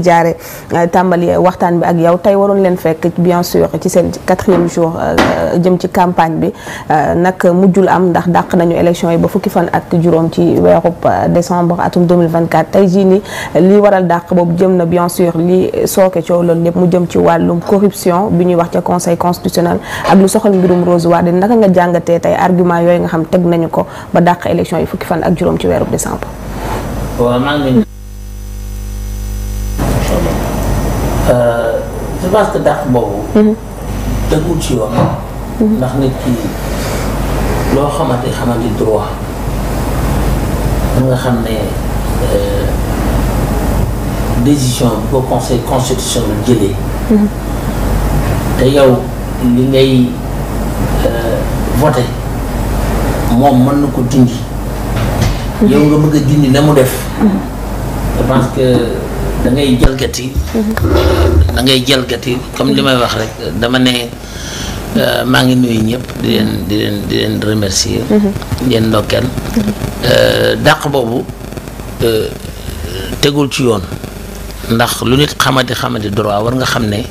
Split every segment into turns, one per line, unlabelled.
fi jaare euh, tàmbali waxtaan bi ak yow tey waroon leen fekk bien sûr ci seen quatrième jour euh, jëm ci campagne bi euh, nag mujjul am ndax dàq nañu élection yi ba fukki fan ak juróom ci weerub décembre atum 2024 tey jii ni li waral dàq boobu jëm na bien sûr li sooke coow loolu lépp mu jëm ci wàllum corruption bi ñuy wax ca conseil constitutionnel ak lu soxal mbirum Rose Wardini naka nga jàngatee tey argument yooyu nga xam teg nañu ko ba dàq élection yi fukki fan ak juróom ci weerub décembre je euh, pense que dàq boobu. Mhm. dëggul ci yoon. Mhm. ndax nit ki lo xamanté xamanté droit nga xamné euh décision bu ko conseil constitutionnel jëlee. Mhm. te yow li ngay euh, voté moom mën na ko dindi. yow nga bëgg a dindi na def. je pense que. da ngay jalgati. da ngay jalgati comme li may wax rek dama ne euh, maa ngi nuyu ñëpp di leen di leen di leen remercier. Mhm. di ndokkeel. Euh, dàq boobu euh, tegul ci yoon ndax lu nit xamadi xamadi droit war nga xam ne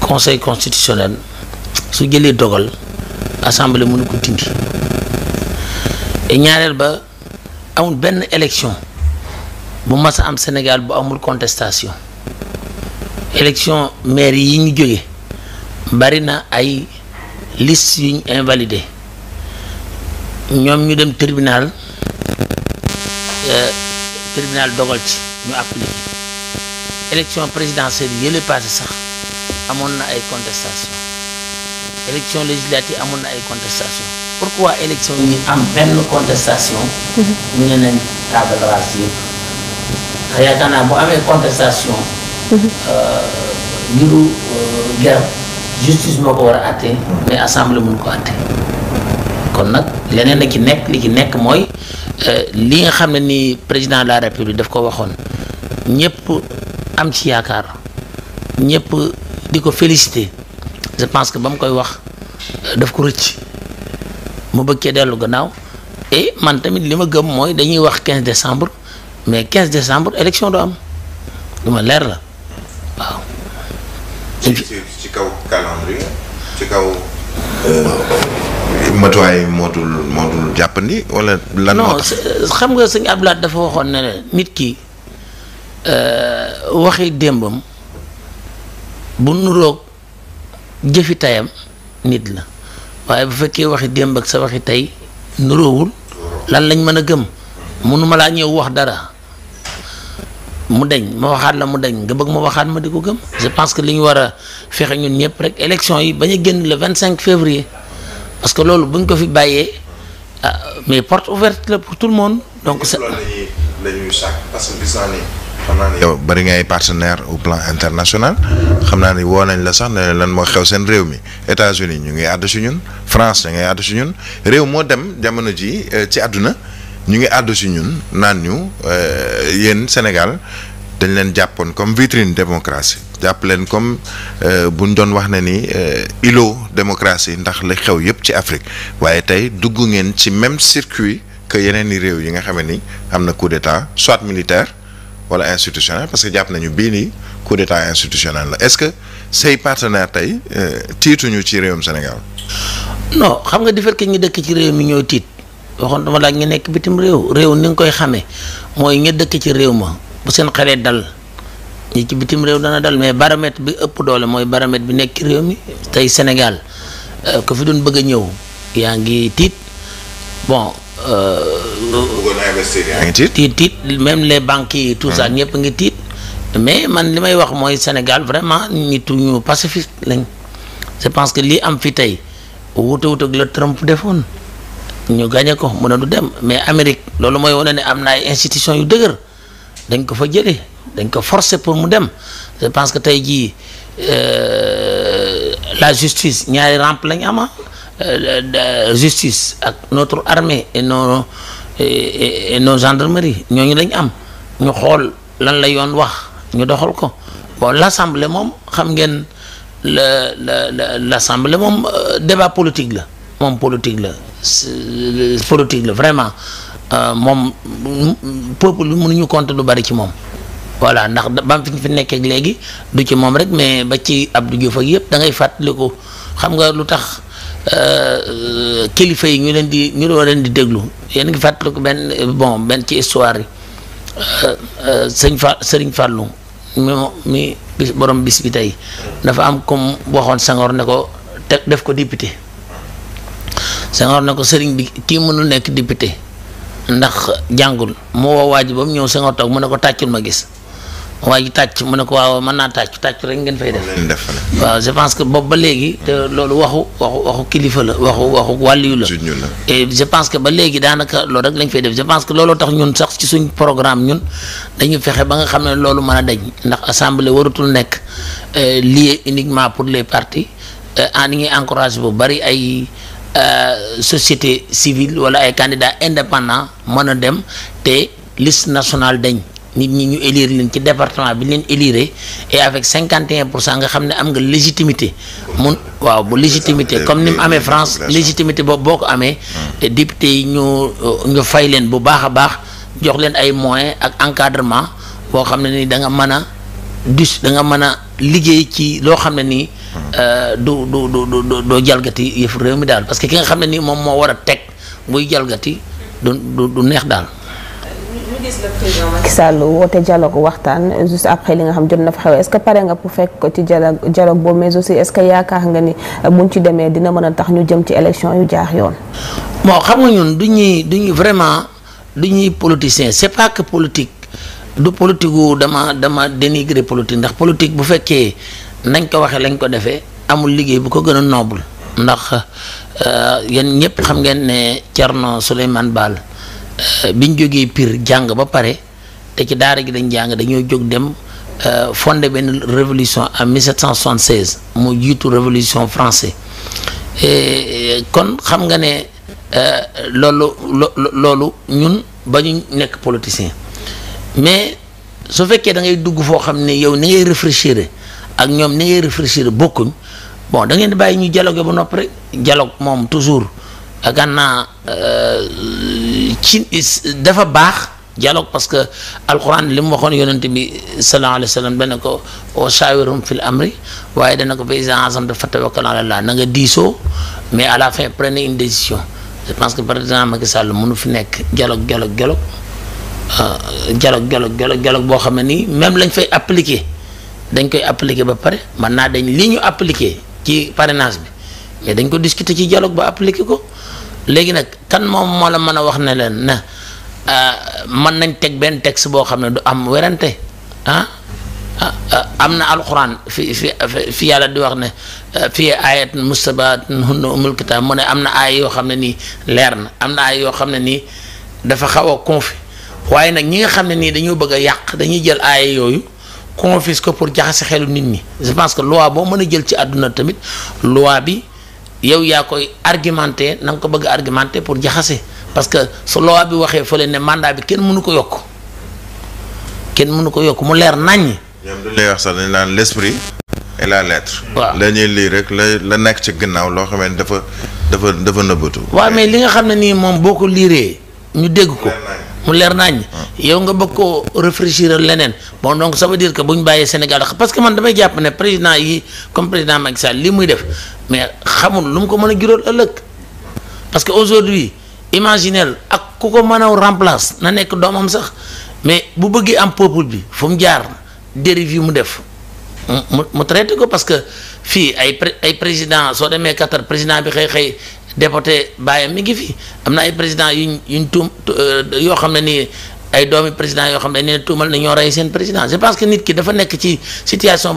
conseil constitutionnel su jëlee dogal assemblée mënu ko dindi ñaareel ba amul benn élection. bu massa am Sénégal bu amul contestation élection maire yi ñu joggé bari na ay liste yuñ invalidé ñom ñu dem tribunal euh, tribunal dogal ci ñu appliqué élection présidentielle yele passé sax amon na ay contestation élection législative y na ay contestation pourquoi élection yi am benn contestation mhm. ñu ne ndax yaakaar naa bu amee contestation. mbiru euh, euh, garab justice moo ko war a àtte. mais assemblée mun ko àtte. kon nag leneen la ki nekk li ci nekk mooy euh, li nga xam ne ni président de la république daf ko waxoon ñëpp am ci yaakaar ñëpp di ko félicité je pense que ba mu koy wax daf ko rëcc mu bëggee dellu gannaaw et man tamit li ma gëm mooy dañuy wax 15 décembre. mais 15 décembre élection du am lu ma leer la waaw.
ci ci kaw calendrier ci euh, matuwaay moo dul moo dul jàppandi wala lan moo tax
xam nga sëñ Abdoulaye dafa waxoon ne nit ki euh, waxi démbam bu nuroog jëfi tayam nit la waaye bu fekkee waxi démb ak sa waxi tey nuroowul lan lañ mën a gëm mënuma laa ñëw wax dara mu deñ ma waxaat la mu deñ nga bëgg ma waxaat ma di ko gëm je pense que li ñu war a fexe ñun ñëpp rek élection yi bañ a génn le vingt cinq février parce que loolu buñ ko fi bàyyee ah mais porte ouverte la
pour tout le monde. donc c' est loolu la ñuy parce que gis naa ngay partenaire au plan international xam naa ni woo nañ la sax ne lan moo xew seen réew mi États-Unis ñu ngi àdd si ñun France ñu ngay àdd si ñun réew moo dem jamono ji euh, ci àdduna. ñu ngi àddu si ñun naan ñu euh, yéen Sénégal dañ leen jàppoon comme vitrine démocratie jàpp leen comme bu euh, buñ doon wax ne ni euh, îlot démocratie ndax la xew yépp ci Afrique waaye tey dugg ngeen ci même circuit que yeneen i réew yi nga xam ni am na coup d'état soit militaire wala institutionnel parce que jàpp nañu bii ni coup d'état institutionnel la est-ce que say partenaires tey tiituñu ci réewum Sénégal.
non xam nga di fekk ñi dëkk ci réew mi ñooy tiit. waxoon dama laaj ngi nekk bitim réew réew ni nga koy xamee mooy ña dëkk ci réew ma bu seen xelee dal ñi ci bitim réew dana dal mais baromètre bi ëpp doole mooy baromètre bi nekk réew mi tey Sénégal euh, ko fi doon bëgg a ñëw yaa ngi tiit bon. Euh, tiit tiit même les banques yi tout ak mm-hmm. ñëpp ngi tiit mais man li may wax mooy Sénégal vraiment nit ñu pacifiste lañ je pense que lii am fi tey wuute wuute ak la Trump defoon. ñu gañe ko mu ne du dem mais Amérique loolu mooy wane ne am na ay institution yu dëgër dañ ko fa jëlee dañ ko forcer pour mu dem je pense que tey jii euh, la justice ñaari ramp lañ ama euh, justice ak notre armée et no et nos gendarmeries ñooñu lañ am ñu xool lan la yoon wax ñu doxal ko bon l'assemblée moom xam ngeen la la la l'assemblée moom euh, débat politique la moom politique la politique la vraiment euh, moom peuple bi mënuñu compte lu bari ci moom. voilà ndax bam fi fi nekkee léegi du ci moom rek mais ba ci ab Diouf ak yëpp da ngay fàttaliku xam nga lu tax euh, kilifa yi ñu leen di ñu leen di déglu yéen ngi fàttaliku benn bon benn ci histoire yi euh, sëñ Fa sëriñ Fallou mi mi bis borom bis bi tey dafa am comme waxoon Senghor ne ko te def ko député. Senghor na ko sëriñ bi kii mënul nekk député ndax jàngul moo woo waa ji ba mu ñëw Senghor toog mu ne ko tàccul ma gis waa ji tàcc mu ne ko waaw mën naa tàcc tàcc rek ngeen fay def waaw je pense que boobu ba léegi te loolu waxu waxu waxu kilifa la waxu waxu wàlliyu la et je pense que ba léegi daanaka loolu rek lañ fay def je pense que looloo tax ñun sax ci suñ programme ñun dañu fexe ba nga xam ne loolu mën a daj ndax assemblée waratul nekk euh, lié uniquement pour les partis euh, en ni ngi encouragé bu bari ay Euh, société civile wala ay candidats indépendants mën a dem te liste national dañ nit ñi ñu élire leen ci département bi leen élire avec cinquante et pour cent nga xam ne am nga légitimité mun waaw bu légitimité comme ni mu amee France légitimité boobu boo ko amee hmm. député yi ñu ñu fay leen bu baax a baax jox leen ay moyen ak encadrement boo xam ne ni da nga mën a dus da nga mën a liggéey ci loo xam ne nii Euh, du du du du doo jalgati yëfu réew mi daal parce que ki nga xam ne nii moom moo war a teg muy jalgati du du du neex daal. Macky Sall woote dialogue waxtaan juste après li nga xam jot na fa xew est-ce que pare nga bu fekk ko ci dialogue dialogue boobu mais aussi est que yaakaar nga ni buñ ci demee dina mën a tax ñu jëm ci élection yu jaax yoon. moo xam nga ñun du ñuy du ñuy vraiment du ñuy politicien c'est pas que politique du politique wu dama dama dénigrer politique ndax politique bu fekkee nañ ko waxe lañ ko defee amul liggéey bu ko gëna noble ndax euh, yéen ñepp xam ngeen né Thierno Souleymane Baal euh, biñ joggé Pire jang ba paré té ci daara gi dañ jang dañu jog dem euh, fondé benn révolution en 1776 mu jitu révolution français kon xam nga ne lolu lolu ñun bañu nek politicien mais su fekkee da ngay dugg fo xamné yow ni ngay réfléchir ak ñoom ni ngay réfléchir bokkuñ bon da ngeen di bàyyi ñu dialogue ba noppi rek dialogue moom toujours yaakaar naa euh, ci dafa baax dialogue parce que alquran li mu waxoon yonent bi sallallahu alayhi wa sallam dana ko wa shaawirum fil amri waaye dana ko fa izaa azamta fatawakkal ala Allah na diisoo mais la fin prenez une décision je pense que président Macky Sall mënu fi nekk dialogue dialogue dialogue euh, dialogue dialogue dialogue boo xam ne nii même lañ fay appliquer. dañ koy appliquer ba pare man naa dañ lii ñu appliquer ci parrainage bi mais dañ ko discuter ci dialogue ba appliquer ko léegi nag kan moom moo la mën a wax ne leen na euh, mën nañ teg benn texte boo xam ne du am werante ah, ah, ah am na alxuraan fi yàlla di wax ne euh, fii ayat mustabaatun hunna umul mu ne am na ay yoo xam ne nii leer na am na ay yoo xam ne nii dafa xaw a confus waaye nag ñi nga xam ne nii dañoo bëgg a yàq dañuy jël aaya yooyu ko pour jaxase xelu nit ñi je pense que loi boo mën a jël ci àdduna tamit loi bi yow yaa koy argumenté na nga ko bëgg argumenté pour jaxase parce que su loi bi waxee
fële ne mandat
bi kenn mënu ko yokk
kenn mënu ko yokk mu leer naññ. ñoom dañ lay wax sax dañ naan l'esprit et la lettre. waaw la ñuy lii rek la la nekk ci gannaaw loo xam ne dafa dafa dafa nëbbatu.
waaw mais li nga xam ne nii moom boo ko liiree ñu dégg ko. mu leer nañ yow iya nga bëgg koo réfléchir leneen bon donc ça veut dire que buñ bàyyee Sénégal parce que man damay président yi comme président Macky Sall li muy def mais xamul lu mu ko mën a jural ëllëg parce que aujourd'hui imaginel ak ku ko mën a remplace na nekk doomam sax mais bu bëggee am peuple bi fu mu jaar dérive yi mu def mm, mu traité ko parce que fii ay ay président président bi xëy xëy déporté baayam mi ngi fi am na ay président yuñ yuñ tuum euh, yoo xam ne nii ay doomi président yoo xam ne ne tuumal na ñoo rey seen président je pense que nit ki dafa ci situation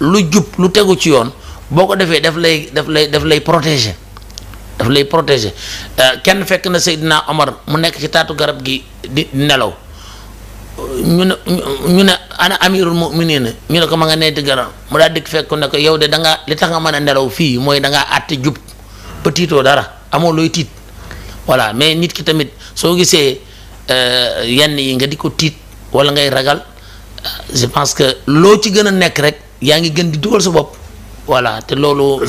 lu jup lu tegu ci yoon boo ko defee daf lay daf lay daf lay protéger daf lay protéger euh, kenn fekk na Seydina Omar mu nekk ci taatu garab gi di nelaw ñu ne ñu ana amirul muminina ñu ne ko ma nga neeti garab mu daal dikk fekk ne ko yow de da nga li tax nga mën nelaw fii mooy da ba dara amoo looy tiit voilà mais nit ki tamit soo gisee euh, yenn yi nga di ko tiit wala ngay ragal euh, je pense que loo ci gën a nekk rek yaa ngi gën di dugal sa bopp voilà te loolu.